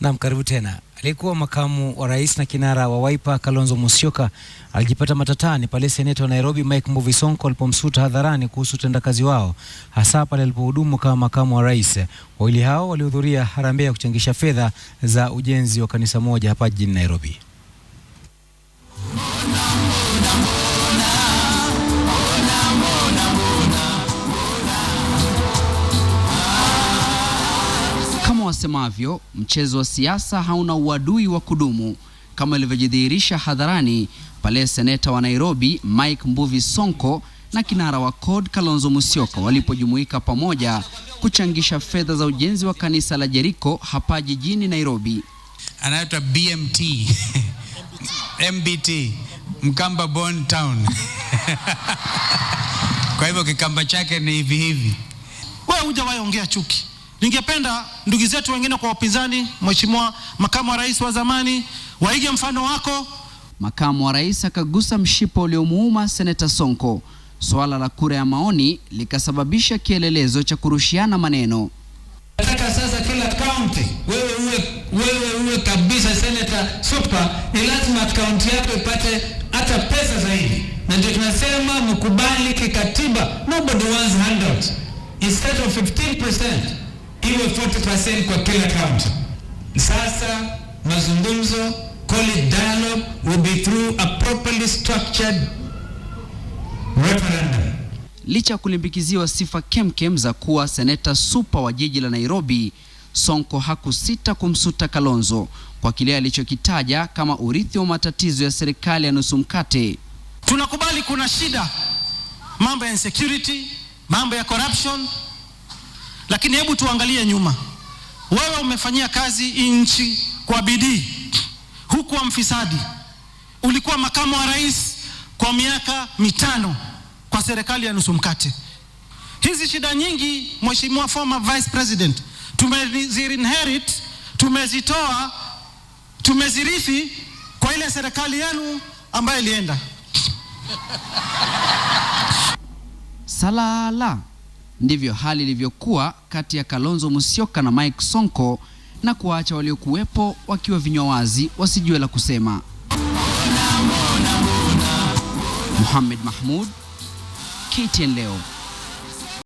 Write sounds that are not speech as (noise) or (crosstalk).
Naam, karibu tena. Aliyekuwa makamu wa rais na kinara wa Wiper Kalonzo Musyoka alijipata matatani pale seneta wa Nairobi Mike Mbuvi Sonko alipomsuta hadharani kuhusu utendakazi wao hasa pale alipohudumu kama makamu wa rais. Wawili hao walihudhuria harambee ya kuchangisha fedha za ujenzi wa kanisa moja hapa jijini Nairobi. wasemavyo, mchezo wa siasa hauna uadui wa kudumu kama ilivyojidhihirisha hadharani pale seneta wa Nairobi Mike Mbuvi Sonko na kinara wa CORD Kalonzo Musyoka walipojumuika pamoja kuchangisha fedha za ujenzi wa kanisa la Jericho hapa jijini Nairobi. Anaitwa BMT (laughs) MBT Mkamba Born Town (laughs) kwa hivyo kikamba chake ni hivi hivi. Wewe hujawahi ongea chuki Ningependa ndugu zetu wengine kwa wapinzani, Mheshimiwa Makamu wa Rais wa zamani, waige mfano wako. Makamu wa Rais akagusa mshipa uliomuuma Seneta Sonko. Swala la kura ya maoni likasababisha kielelezo cha kurushiana maneno. Nataka sasa kila kaunti wewe uwe wewe uwe kabisa Seneta Supa, ni lazima kaunti yako ipate hata pesa zaidi, na ndio tunasema mkubali kikatiba, nobody wants handouts instead of 15% iwe 40% kwa kila kaunti. Sasa mazungumzo, call dialogue, will be through a properly structured referendum. Licha ya kulimbikiziwa sifa kemkem za kuwa seneta super wa jiji la Nairobi, Sonko hakusita kumsuta Kalonzo kwa kile alichokitaja kama urithi wa matatizo ya serikali ya nusu mkate. Tunakubali kuna shida, mambo ya insecurity, mambo ya corruption lakini hebu tuangalie nyuma. Wewe umefanyia kazi nchi kwa bidii, hukuwa mfisadi, ulikuwa makamu wa rais kwa miaka mitano kwa serikali ya nusu mkate. Hizi shida nyingi, mheshimiwa former vice president, tumeziinherit, tumezitoa, tumezirithi kwa ile serikali yenu ambayo ilienda salala Ndivyo hali ilivyokuwa kati ya Kalonzo Musyoka na Mike Sonko na kuwaacha waliokuwepo wakiwa vinywa wazi wasijue la kusema. Mohamed Mahmud, KTN leo.